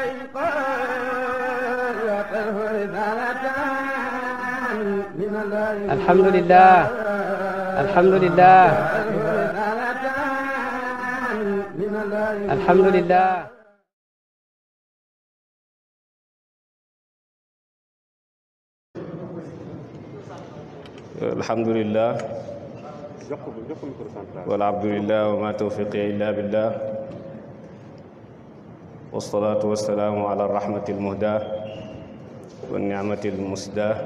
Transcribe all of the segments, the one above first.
alhamdulilah alhamdulilah alhamdulilah. alhamdulilah. walhamdulilah wa ma tawfiqi illa billah. والصلاة والسلام على الرحمة المهداة والنعمة المسداة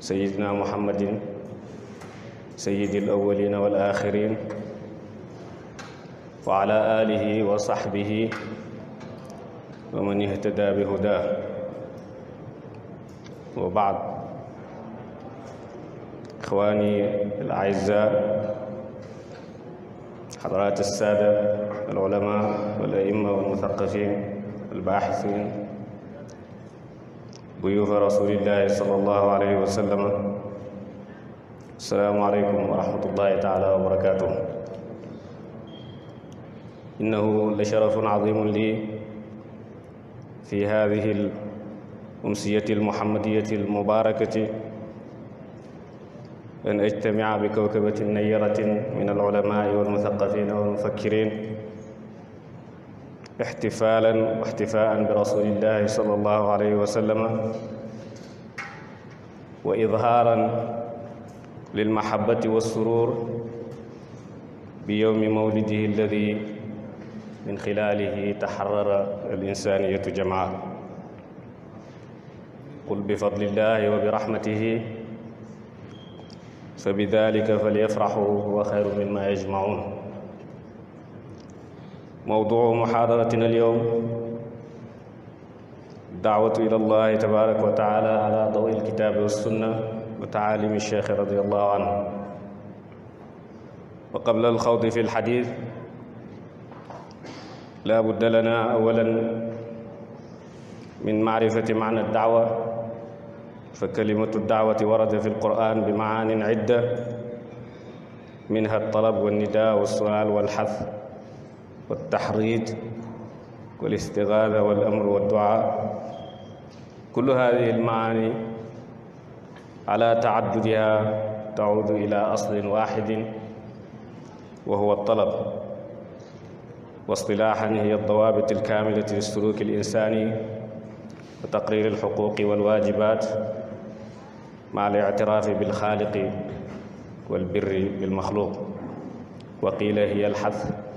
سيدنا محمد سيد الأولين والآخرين وعلى آله وصحبه ومن اهتدى بهداه وبعد إخواني الأعزاء حضرات السادة العلماء والأئمة والمثقفين الباحثين بيوت رسول الله صلى الله عليه وسلم السلام عليكم ورحمة الله تعالى وبركاته إنه لشرف عظيم لي في هذه الأمسية المحمدية المباركة أن أجتمع بكوكبة نيرة من العلماء والمثقفين والمفكرين ixtifaalan wa ixtifaan bi rasulillahi sallallahu alayhi wa sallama wa idhaaran lilmahabati wassurur bi yowmi mawlidihi alladi min xilaalihi taxarara alinsaaniyatu jamaa qul bi fadlillahi wa bi raxmatihi fa bi dalika falyafraxu wa xayru mimma yajmaun موضوع محاضرتنا اليوم دعوة إلى الله تبارك وتعالى على ضوء الكتاب والسنة وتعاليم الشيخ رضي الله عنه وقبل الخوض في الحديث لا بد لنا أولا من معرفة معنى الدعوة فكلمة الدعوة ورد في القرآن بمعان عدة منها الطلب والنداء والسؤال والحث والتحريج والاستغاثة والأمر والدعاء كل هذه المعاني على تعددها تعود إلى أصل واحد وهو الطلب واصطلاحا هي الضوابط الكاملة للسلوك الإنساني وتقرير الحقوق والواجبات مع الاعتراف بالخالق والبر بالمخلوق وقيل هي الحث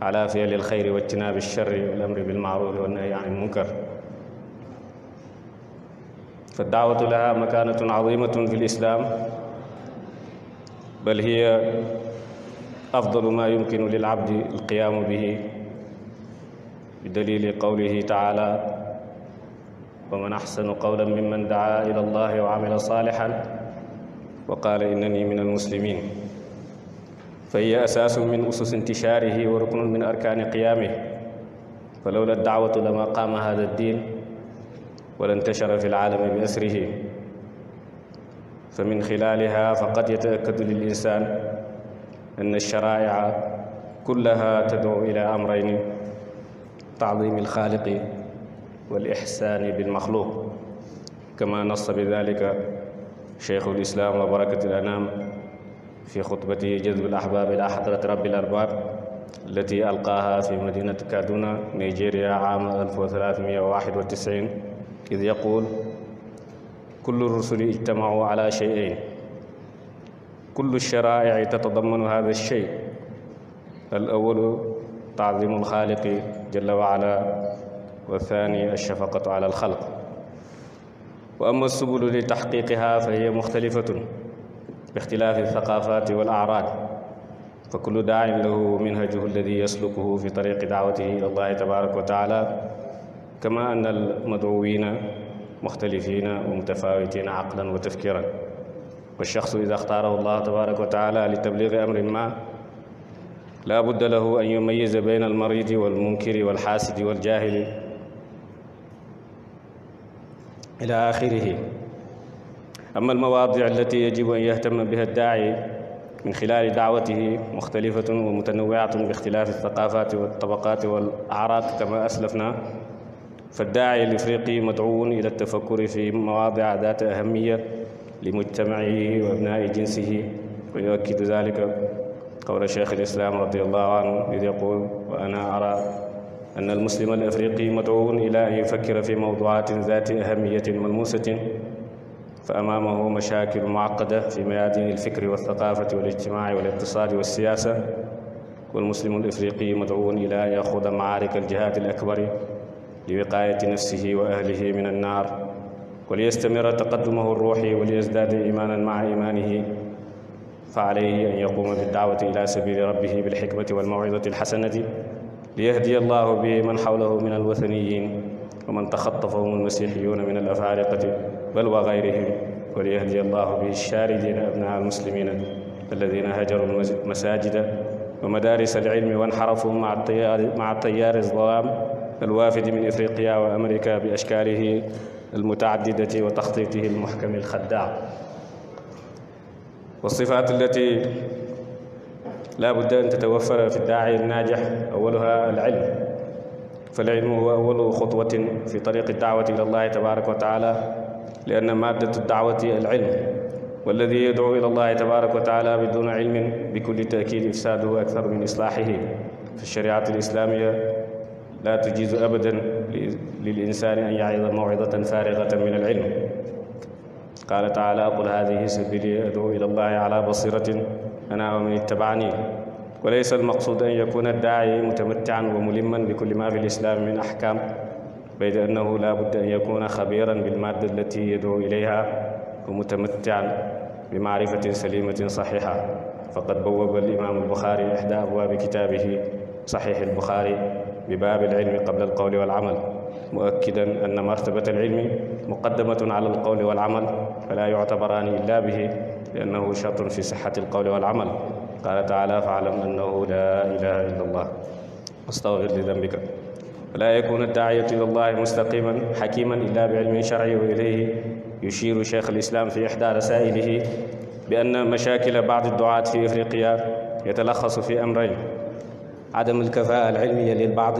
ala fi'li alxayri wa ijtinaabi alsharri wal amri bilmaarufi wan nahyi ani almunkar fa daawatu laha makaanatun azimatun fi lislaam bal hiya afdalu maa yumkinu lil abdi alqiyaamu bihi bi dalili qawlihi taala wa man axsanu qawlan mimman daa ila allahi wa amila saalixan wa qaala innani min almuslimin fa hiya asaasun min usus intishaarihi wa ruknun min arkaani qiyaamihi fa lawla daawatu lama qaama haada diin wala intashara fi laalami bi asrihi fa min xilaaliha faqad yataakkadu lil insaan an alsharaa'ica kullaha tadcu ila amrayni tacdiimi alxaaliqi walixsaani bilmaxluuq kama nassa bi dalika cheikhu lislaam wa barakati l anaam fi xutbati jazbul ahbaab ila hadrat rabbil arbaab allati alqaaha fi madinati kaduna nigeria ama 1391 id yaquul kullu rusuli ijtamau ala cheyain kullu sharaa'ici tatadammanu hada chey al awalu taazimu alxaaliqi jalla wa ala wa thani alshafaqatu ala alxalq wa ama subulu li taxqiqiha fa hiya muxtalifatun bi ixtilaafi althaqaafati wal araad fa kullu daa'in lahu minhajuhu alladi yaslukuhu fi tariqi daawatihi ila allahi tabaraka wa taala kama anna almaduwiina muxtalifiina wa mutafaawitiina aqlan wa tafkiran wa shaxsu ida axtaarahu allahu tabaraka wa taala li tabliigi amrin ma laa budda lahu an yumayyiza bayna almaridi walmunkiri walxaasidi waljaahili ila axirihi أما المواضع التي يجب أن يهتم بها الداعي من خلال دعوته مختلفة ومتنوعة باختلاف الثقافات والطبقات والأعراض كما أسلفنا فالداعي الإفريقي مدعو إلى التفكر في مواضع ذات أهمية لمجتمعه وأبناء جنسه ويؤكد ذلك قول شيخ الإسلام رضي الله عنه إذ يقول وأنا أرى أن المسلم الأفريقي مدعو إلى أن يفكر في موضوعات ذات أهمية ملموسة fa amaamahu mashaakil muaqqada fi mayaadin alfikri walthaqaafati walijtimaaci walictisaadi walsiyaasa والمسلم الإفريقي مدعو إلى أن يخوض معارك الجهاد الأكبر لوقاية نفسه وأهله من النار وليستمر تقدمه الروحي وليزداد إيمانا مع إيمانه فعليه أن يقوم بالدعوة إلى سبيل ربه بالحكمة والموعظة الحسنة ليهدي الله به من حوله من الوثنيين wa man taxatafahum almasixiyuuna min alafaariqati bal wa gayrihim waliyahdi allahu bi shaarijina abnaa almuslimina alladina hajaru almasajida wa madaris alilmi wanxarafu maa tayaari aldawaam alwaafidi min ifriqiya wa amerika bi ashkaalihi almutacaddidati wa taxtiitihi almuxkami alxaddaac والصفات التي لا بد أن تتوفر في الداعي الناجح أولها العلم فالعلم هو أول خطوة في طريق الدعوة إلى الله تبارك وتعالى لأن مادة الدعوة العلم والذي يدعو إلى الله تبارك وتعالى بدون علم بكل تأكيد إفساده أكثر من إصلاحه فالشريعة الإسلامية لا تجيز أبدا للإنسان أن يعظ موعظة فارغة من العلم قال تعالى قل هذه سبيلي أدعو إلى الله على بصيرة أنا ومن اتبعني walaysa almaqsuud an yakuna daayi mutamattian wa mulimman bi kulli ma fi lislaami min ahkaam bayt annahu la budda an yakuna xabiran bilmadda allati yaduu ilayha wa mutamattian bi maarifatin salimatin saxiixa faqad bawaba alimaamu albuxaari ixda abwaabi kitaabihi saxiix albuxaari bi baabi alilmi qabla alqawli walamal muakkidan anna martabata alilmi muqaddamatun ala alqawli walamal fala yuctabaraani illa bihi liannahu shartun fi sixati alqawli walamal qaala taala faalam annahu laa ilaha illa allah wastaghfir li dambika walaa yakuna daayatu ila allahi mustaqiman xakiman illa bi ilmin sharci wa ilayhi yushiru cheikh alislam fi ixda rasailihi bi anna mashakila bacdi duaat fi ifriqiya yatalaxasu fi amrayn عدم الكفاءة العلمية للبعض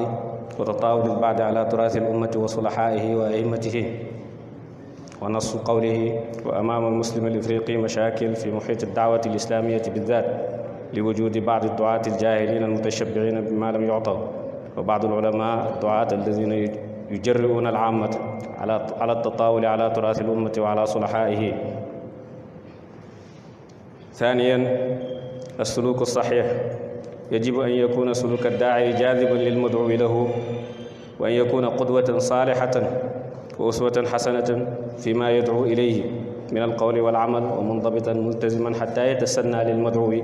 وتطاول البعض على تراث الأمة وصلحائه وأئمته ونص قوله وأمام المسلم الإفريقي مشاكل في محيط الدعوة الإسلامية بالذات li wujudi baadi duaat aljaahiliin almutashabbihiina bimaa lam yucta wa baadu alulamaa duaat allaziina yujarriuuna alaamata ala altatawuli ala turaasi alummati wa ala sulaxaa'ihi ثانيا السلوك الصحيح يجب أن يكون سلوك الداعي جاذبا للمدعو له وأن يكون قدوة صالحة وأسوة حسنة فيما يدعو إليه min alqawli walamal wa mundabitan multaziman xata yetasanna lilmadcuwi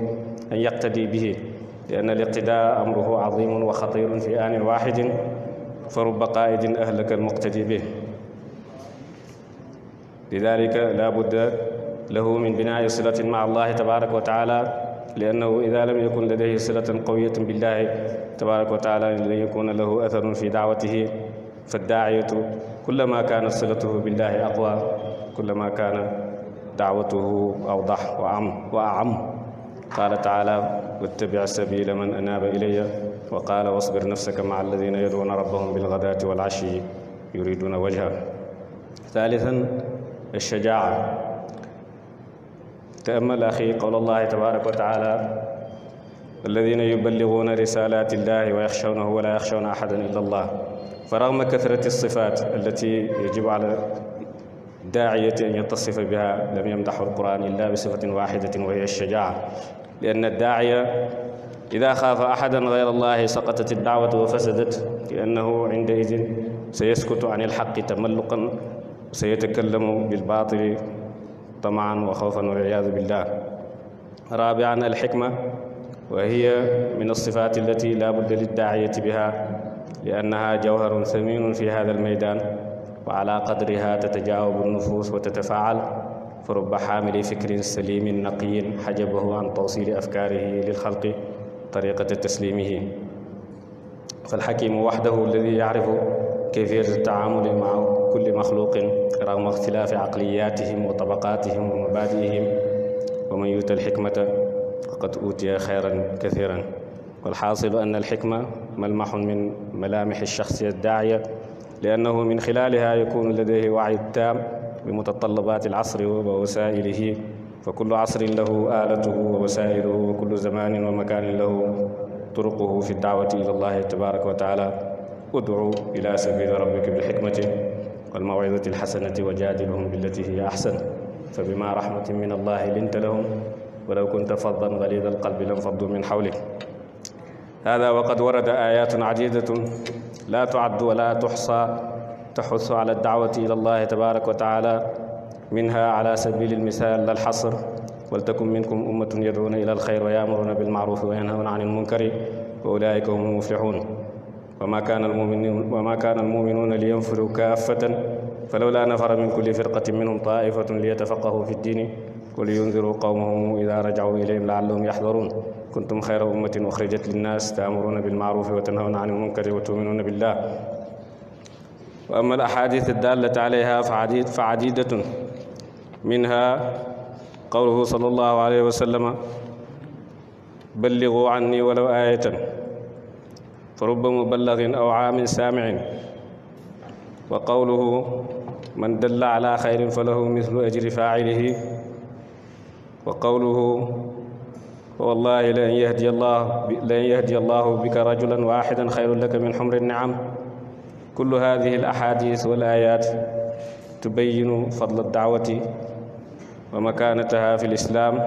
an yaqtadi bihi liann aliqtidaa amruhu cazimun wa xatirun fi aanin waxidin fa ruba qaa'idin ahlaka almuqtadi bih lidalika la budda lahu min binaai silatin maca allahi tabaraka wa taala liannahu ida lam yakun ladayhi silatan qawiyatan billahi tabaraka wa taala lan yakuna lahu atharun fi dacwatihi fa ddaaciyatu kullama kaanat silatuhu billahi aqwa kullama kaana daawatuhu awdax wa am wa am qaala taala wattabic sabila man anaaba ilaya wa qaala wasbir nafsaka maa alladina yaduuna rabbahum bilgadaati walcashi yuriduuna wajha thalithan alshajaaca تأمل أخي قول الله تبارك وتعالى الذين يبلغون رسالات الله ويخشونه ولا يخشون أحدا إلا الله فرغم كثرة الصفات التي يجب على daaciyatan yattasifa biha lam yamdaxu alquran illa bi sifatin waxidatin wa hiya alshajaa li ann addaaciya ida xaafa axadan gayra allahi saqatat addaawatu wa fasadat li annahu inda idin sayaskutu an alxaqi tamalluqan wa sayatakallamu bilbaatili tamaan wa xawfan walciyaadu billah raabian alxikma wa hiya min alsifaat allati la budda liddaaciyati biha li annaha jawharun saminun fi hada almaydan wa ala qadriha tatajaawabu nufuus wa tatafaal fa rubba xaamili fikrin salimin naqiyin xajabahu an tawsili afkaarihi lil xalqi tariqata taslimihi falxakimu waxdahu alladi yacrifu kayfiyata tacaamuli maca kulli maxluqin ragma ixtilaafi caqliyatihim wa tabaqaatihim wa mabaadiihim wa man yuuta alxikmata faqad uutiya xayran kathiran walxaasilu an alxikma malmaxun min malaamixi alchaxsiya addaaciya li annahu min xilaaliha yakunu ladayhi wayu taam bi mutatallabaati alasri wa wasailihi fa kullu asrin lahu alatuhu wa wasailuhu wa kullu zamanin wa makanin lahu turuquhu fi daawati ila allahi tabaraka wa taala udcu ila sabili rabbika bilxikmati walmawcidati alxasanati wa jaadilhum billati hiya axsan fa bima raxmatin min allahi linta lahum walaw kunta faddan galida alqalbi lanfaddu min xawlik hada waqad warada ayatun cadidatu laa tuaddu wala tuxsa taxusu ala daawati ila allahi tabaraka wa taala minha ala sabili almisal lal xasr waltakun minkum ummatun yadcuuna ila alxayr wa yaamuruna bilmacrufi wa yanhawna an almunkari wa ulaika hum almuflixuun wama kaana almuminuun wama kaana almuminuuna liyanfiru kaafatan falawla nafara min kulli firqatin minhum taa'ifatun liyatafaqahu fi ddiini wa liyunziru qawmahum idaa rajacu ilayhim laallahum yaxdaruun kuntum xayra ummatin uxrijat linnaas taamuruuna bilmacruufi wa tanhawna ani lmunkari wa tuminuuna billah wa amma alaxaadiis addaalatu alayha fa cadiidatun minha qawluhu sala allahu alayhi wa sallama balliguu canni walaw aayatan fa rubba muballagin aw caamin saamicin wa qawluhu man dalla calaa xayrin falahu mislu ajri faacilihi wa qawluhu wallahi la an yahdiya allah la an yahdiya allahu bika rajulan waxidan xayrun laka min xumri niam kullu hadihi al ahadis wal ayat tubayinu fadla daawati wa makanataha fi lislaam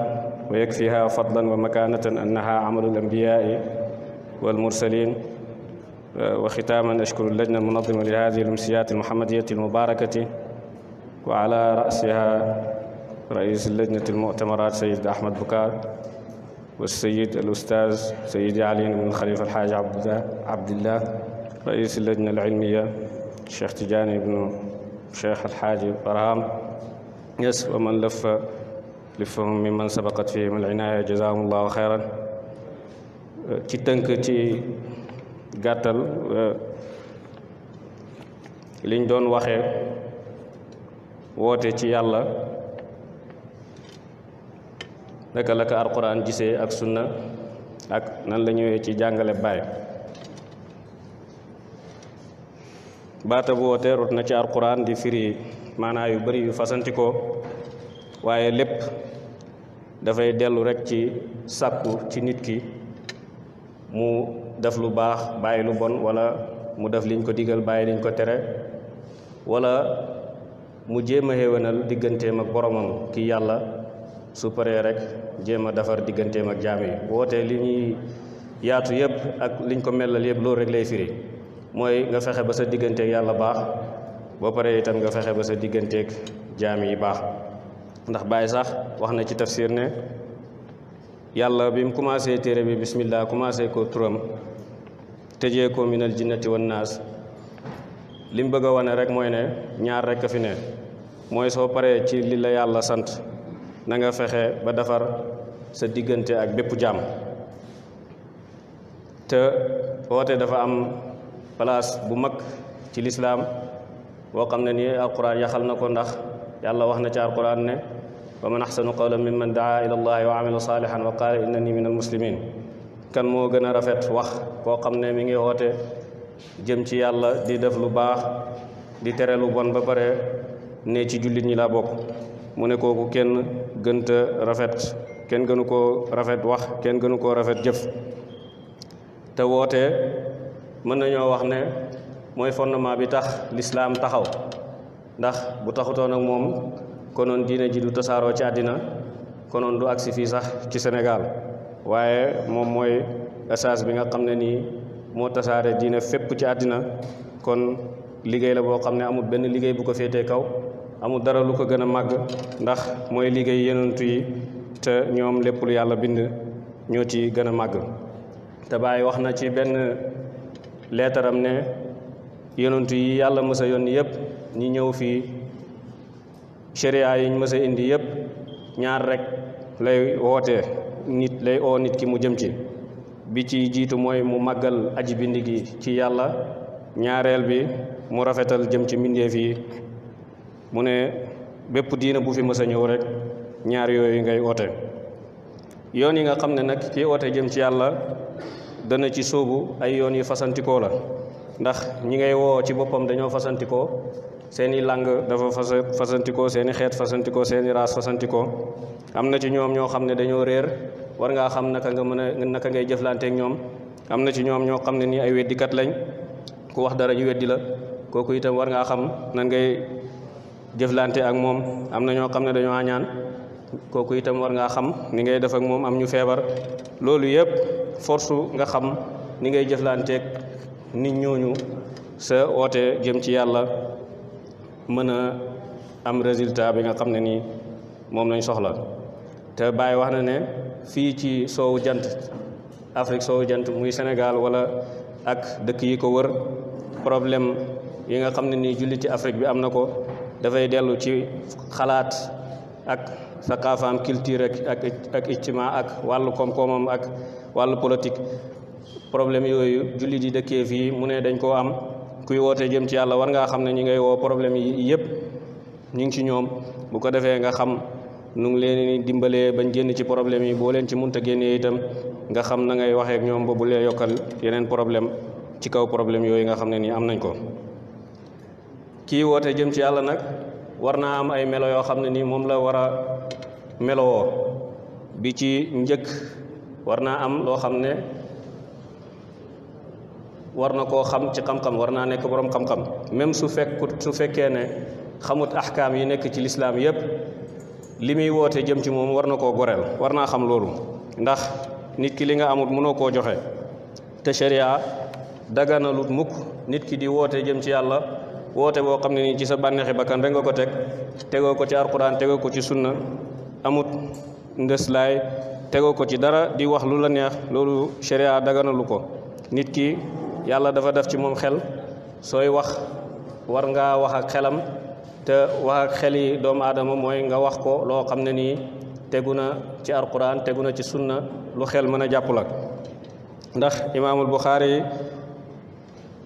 wa yakfiha fadlan wa makanatan annaha amalu lambiyai wal mursalin wa xitaaman ashkuru lajna almunadima li hadihi alumsiyat almuhammadiyati almubarakati wa ala rasiha رئيس اللجنة المؤتمرات سيد أحمد بكار والسيد الأستاذ سيدي علي بن خليفة الحاج عبد الله رئيس اللجنة العلمية الشيخ تجاني بن الشيخ الحاج برهام يس ومن لف لفهم ممن سبقت فيهم العناية جزاهم الله خيرا ci tënk ci gàttal liñ doon waxee woote ci yàlla naka la ko alquran ak sunna ak nan la ñëwee ci jàngale baay baata bu wootee rot na ci alquran di firi maanaa yu bari yu fasantikoo waaye lépp dafay dellu rekk ci sàkku ci nit ki mu def lu baax bàyyi lu bon wala mu def liñ ko digal bàyyi liñ ko tere wala mu jéem a xéwénal digganteem ak boromam ki yàlla su paree rek jéem a defar digganteem ak jaam yi woote li ñuy yaatu yëpp ak liñ ko melal yëpp loolu rek lay firi mooy nga fexe ba sa digganteek yàlla baax boo paree itam nga fexe ba sa digganteeg jaam yi baax ndax Baay sax wax na ci tafsir ne yàlla bi mu commencé téere bi bismillah commencé ko turam tëjee ko minal jinnati wan naas li mu bëgg a wane rek mooy ne ñaar rek a fi ne mooy soo paree ci li la yàlla sant nanga nga fexe ba defar sa diggante ak bépp jaam te woote dafa am place bu mag ci lislaam boo xam ne nii alquran yaxal na ko ndax yàlla wax na ci alquran ne wa man axsanu qawlan mimman daa ila allahi wa amila salihan wa qaala innani min almuslimin kan moo gën a rafet wax koo xam ne mi ngi woote jëm ci yàlla di def lu baax di tere lu bon ba pare ne ci jullit ñi laa bokk mu ne kooku kenn gënta rafet kenn gënu koo rafet wax kenn gënu koo rafet jëf te woote mën nañoo wax ne mooy fondement bi tax lislaam taxaw ndax bu taxutoon nag moom konoon diine ji du tasaaroo ci àddina konoon du agsi fii sax ci senegal waaye moom mooy essage bi nga xam ne nii moo tasaare diine fépp ci àddina kon liggéey la boo xam ne amul benn liggéey bu ko féetee kaw amul dara lu ko gën a màgg ndax mooy liggéey yonent yi te ñoom lépp lu yàlla bind ñoo ci gën a màgg te Baay wax na ci benn leetaram ne yonent yi yàlla mës yoon yónni yëpp ñi ñëw fii sharia yi ñu indi yëpp ñaar rekk lay wootee nit lay oo nit ki mu jëm ci bi ci jiitu mooy mu màggal aji bindi gi ci yàlla ñaareel bi mu rafetal jëm ci mbindeef yi mu ne bépp diina bu fi mës a ñëw rek ñaar yooyu ngay oote yoon yi nga xam ne nag kii oote jëm ci yàlla dana ci sóobu ay yoon yu fasantikoo la ndax ñi ngay woo ci boppam dañoo fasantikoo seeni làng dafa fas fasantikoo seeni xeet fasantikoo seeni raas fasantikoo am na ci ñoom ñoo xam ne dañoo réer war ngaa xam naka nga mën a naka ngay jëflanteek ñoom am na ci ñoom ñoo xam ne nii ay weddikat lañ ku wax dara ñu weddi la kooku itam war ngaa xam nan ngay jëflante ak moom am na ñoo xam ne dañoo añaan kooku itam war ngaa xam ni ngay def ak moom am ñu feebar loolu yëpp force nga xam ni ngay jëflanteeg nit ñooñu sa woote jëm ci yàlla mën a am résultat bi nga xam ne nii moom lañ soxla te Baye wax na ne fii ci soowu jant Afrique soowu jant muy senegal wala ak dëkk yi ko wër problème yi nga xam ne nii jullit ci Afrique bi am na ko dafay dellu ci xalaat ak saqaafaam culture ak ak ak ijtimaa ak wàllu koom ak wàll politique problème yooyu jullit yi dëkkee fii mu ne dañ koo am kuy wootee jëm ci yàlla war ngaa xam ne ñi ngay woo problème yi yëpp ñu ngi ci ñoom bu ko defee nga xam nu ngi leen dimbalee bañ génn ci problème yi boo leen ci munta génnee itam nga xam na ngay waxee ñoom ba bu lee yokkal yeneen problème ci kaw problème yooyu nga xam ne nii am nañ ko kii woote jëm ci yàlla nag war naa am ay melo yoo xam ne nii moom la war a melowoo bi ci njëkk war naa am loo xam ne war na koo xam ci xam-xam war naa nekk boroom xam-xam même su fekkut su fekkee ne xamut axkaam yi nekk ci lislaam yépp li muy woote jëm ci moom war na koo goreel war naa xam loolu ndax nit ki li nga amut mënoo koo joxe te sharia daganalut mukk nit ki di woote jëm ci yàlla woote boo xam ne nii ci sa bànneexi bakkan rek nga ko teg tegoo ko ci alquran tegoo ko ci sunna amut ndëslaay tegoo ko ci dara di wax lu la neex loolu sharia daganalu ko nit ki yàlla dafa def ci moom xel sooy wax war ngaa wax ak xelam te wax ak xel yi doomu aadama mooy nga wax ko loo xam ne nii tegu na ci alquran tegu na ci sunna lu xel mën a jàpp la ndax imaamul Buxaari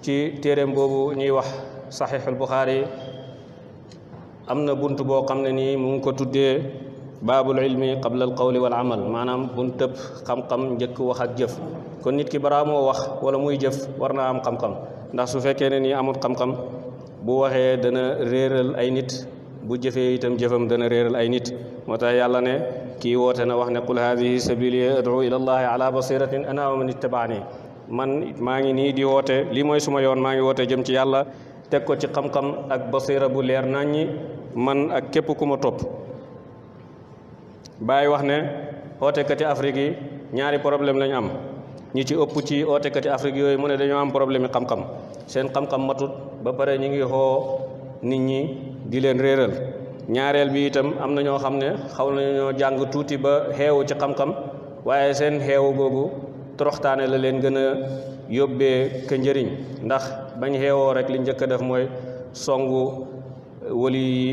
ci téereem boobu ñuy wax saxiixul buxaari am na bunt boo xam ne nii mu ko tuddee baabul ilmi qabla al qawli wal amal maanaam bunt tëb xam-xam njëkk wax ak jëf kon nit ki bara moo wax wala muy jëf war naa am xam-xam ndax su fekkee ne nii amul xam-xam bu waxee dana réeral ay nit bu jëfee itam jëfam dana réeral ay nit moo tax yàlla ne kii woote na wax ne qul haadihi sabili ad'u ila allahi ala basiratin ana wa man ittabaani man maa ngi nii woote lii mooy suma yoon maa ngi woote jëm ci yàlla teg ko ci xam-xam ak basira bu leer ñi man ak képp ku ma topp Baye wax ne ootekati Afrique yi ñaari problème lañu am ñi ci ëpp ci ootekati Afrique yooyu mu ne dañoo am problème yi xam-xam seen xam-xam matut ba pare ñu ngi xoo nit ñi di leen réeral ñaareel bi itam am na ñoo xam ne xaw nañoo jàng tuuti ba xeewu ci xam-xam waaye seen xeewu googu toroxtaane la leen gën a yóbbee ka njëriñ ndax bañ xeewoo rek li njëkk a def mooy songu wali yi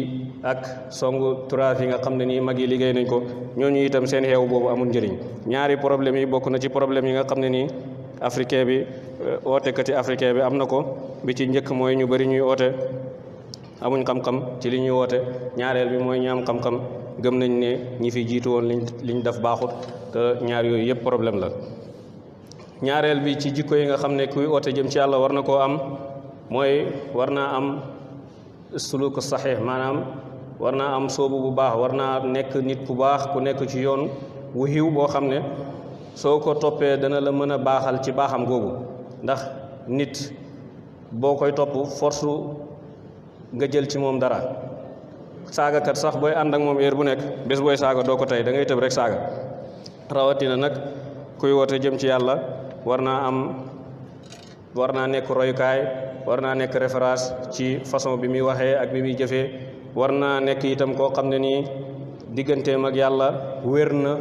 ak songu turaaf yi nga xam ne nii mag yi liggéey nañ ko ñooñu itam seen xeew boobu amul njëriñ ñaari problème yi bokk na ci problème yi nga xam ne nii africain bi euh, ootekati africain bi am na ko bi ci njëkk mooy ñu bari ñuy oote amuñ xam-xam ci li ñuy woote ñaareel bi mooy ñaam xam-xam gëm nañ ne ñi fi jiitu woon liñ liñ def baaxut te ñaar yooyu yëpp problème la ñaareel bi ci jikko yi nga xam ne kuy oote jëm ci yàlla war na koo am mooy war naa am suluku saxiix maanaam war naa am soobu bu baax war naa nekk nit bu baax ku nekk ci yoon wu xiw boo xam ne soo ko toppee dana la mën a baaxal ci baaxam googu ndax nit boo koy topp force nga jël ci moom dara saagakat sax booy ànd ak moom heure bu nekk bés booy saaga doo ko tey dangay tëb rek saaga rawatina nag kuy woote jëm ci yàlla war naa am war naa nekk royukaay war naa nekk référence ci façon bi muy waxee ak bi muy jëfee war naa nekk itam koo xam ne nii digganteem ak yàlla wér na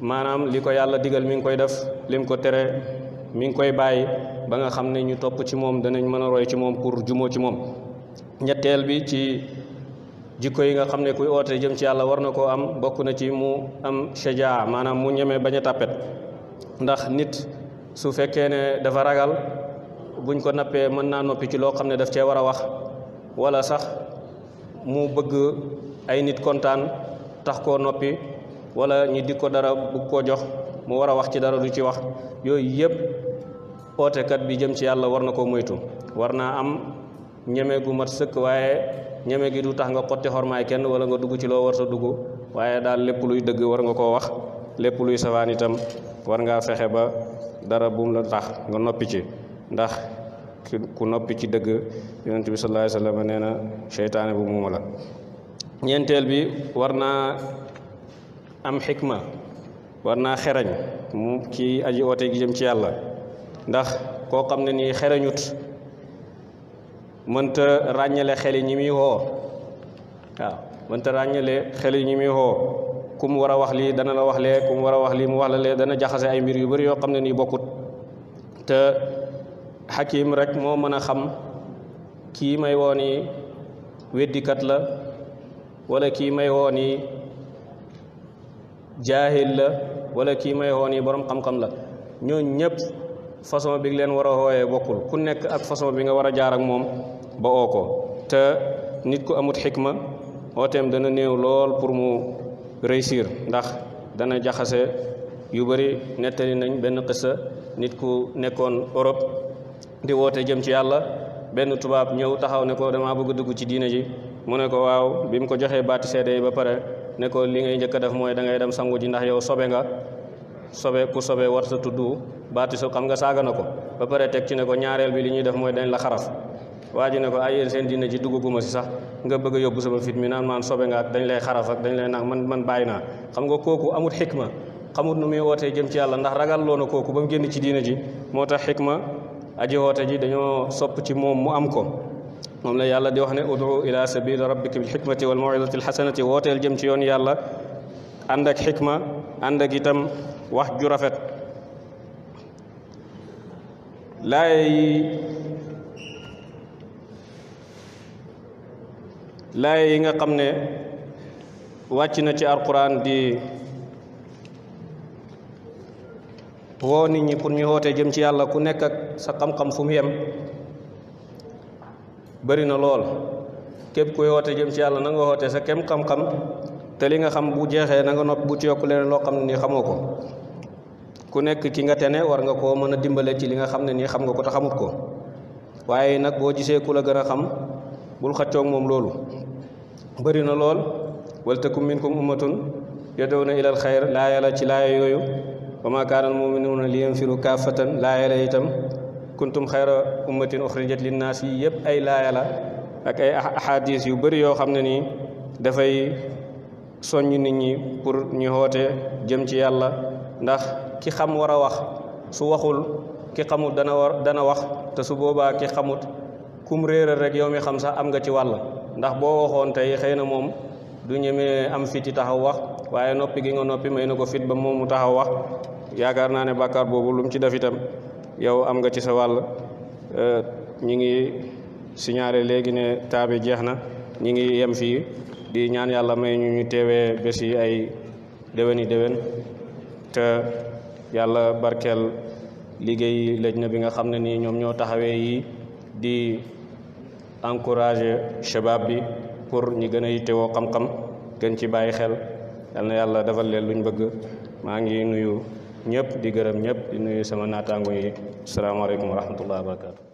maanaam li ko yàlla digal mi ngi koy def lim ko tere mi ngi koy bàyyi ba nga xam ne ñu topp ci moom danañ mën a roy ci moom pour jumoo ci moom ñetteel bi ci jikko yi nga xam ne kuy oote jëm ci yàlla war na koo am bokk na ci mu am shajaa maanaam mu ñemee bañ a tàppet ndax nit su fekkee ne dafa ragal buñ ko nappee mën naa noppi ci loo xam ne daf cee war a wax wala sax mu bëgg ay nit kontaan tax koo noppi wala ñu di ko dara bëgg koo jox mu war a wax ci dara du ci wax yooyu yëpp ootekat bi jëm ci yàlla war na koo moytu war naa am ñeme gu mat sëkk waaye ñeme gi du tax nga xotti xormaay kenn wala nga dugg ci loo war sa dugg waaye daal lépp luy dëgg war nga koo wax lépp luy safaan itam war ngaa fexe ba dara bu la tax nga noppi ci ndax ku noppi ci dëgg yonent bi sallallahu alayhi na seytaane bu muuma la ñeenteel bi war naa am xikma war naa xerañ mu ci aji oote gi jëm ci yàlla ndax koo xam ne nii xerañut mënta ràññeele xeli ñi muy woo mënta ràññale xeli ñi muy woo ku mu war a wax lii dana la wax lee ku mu war a wax lii mu wax la lee dana jaxase ay mbir yu bari yoo xam ne nii bokkut te xakim rek moo mën a xam kii may woo nii weddikat la wala kii may woo nii jaahil la wala kii may woo nii borom xam-xam la ñooñ ñëpp façon bi leen war a wooyee bokkul ku nekk ak façon bi nga war a jaar ak moom ba oo ko te nit ku amut xikma ooteem dana néew lool pour mu réussir ndax dana jaxase yu bëri nettali nañ benn xissa nit ku nekkoon Europe di woote jëm ci yàlla benn tubaab ñëw taxaw ne ko damaa bëgg dugg ci diine ji mu ne ko waaw bi mu ko joxee baati seede yi ba pare ne ko li ngay njëkk def mooy da ngay dem sangu ji ndax yow sobe nga sobe ku sobe war sa tudd baati so xam nga saaga na ko ba pare teg ci ne ko ñaareel bi li ñuy def mooy dañ la xaraf waa ji ne ko ay ah, yéen seen diine ci sax nga bëgg a yóbbu sama fit mi naan maan sobe nga dañ lay xaraf ak dañ lay nag man man bàyyi naa xam nga kooku amut xikma xamut nu muy wootee jëm ci yàlla ndax ragal loona kooku ba mu génn ci diine ji moo tax xikma aji woote ji dañoo sopp ci moom mu am ko moom la yàlla di wax ne udu ila sabili rabbika bil xikmati wal mawidati alxasanati wooteel jëm ci yoon yàlla ànd ak xikma ànd ak itam wax ju rafet laaya yi nga xam ne wàcc na ci alquran di woo nit ñi pour ñuy wootee jëm ci yàlla ku nekk ak sa xam-xam fu mu yem bëri na lool képp kuy woote jëm ci yàlla na nga wootee sa kem xam-xam te li nga xam bu jeexee na nga nopp bu ci yokk leneen loo xam ne nii xamoo ko ku nekk ki nga ne war nga koo mën a dimbale ci li nga xam ne nii xam nga ko te xamut ko waaye nag boo gisee ku la gën a xam bul xëccoog moom loolu bari na lool wal takum minkum ummatun yadowna ilal xayr laaya la ci laaya yooyu wa maa kaana al muminuuna li yanfiru kaafatan laaya itam itam tum xayra ummatin uxrijat linnaas yi yëpp ay laaya la ak ay ahadis yu bëri yoo xam ne nii dafay soññ nit ñi pour ñu xoote jëm ci yàlla ndax ki xam war a wax su waxul ki xamut dana wax te su boobaa ki xamut kum réeral rek yow mi xam sax am nga ci wàlla ndax boo waxoon tey xëy na moom du ñemee am fiti taxaw wax waaye noppi gi nga noppi may na ko fit ba moom mu taxaw wax yaakaar naa ne bàkkaar boobu lu ci def itam yow am nga ci sa wàll ñi ngi siñaare léegi ne taabi jeex na ñi ngi yem fii di ñaan yàlla may ñu ñu teewee bés yi ay déwéni déwén te yàlla barkeel liggéey lëj na bi nga xam ne nii ñoom ñoo taxawee yii di encouragé shabab bi pour ñi gën a yittewoo xam-xam gën ci bàyyi xel yal na yàlla defal leen lu ñu bëgg maa ngi nuyu ñëpp di gërëm ñëpp di nuyu sama naataango yi asalaamaaleykum wa rahmatullah barakatu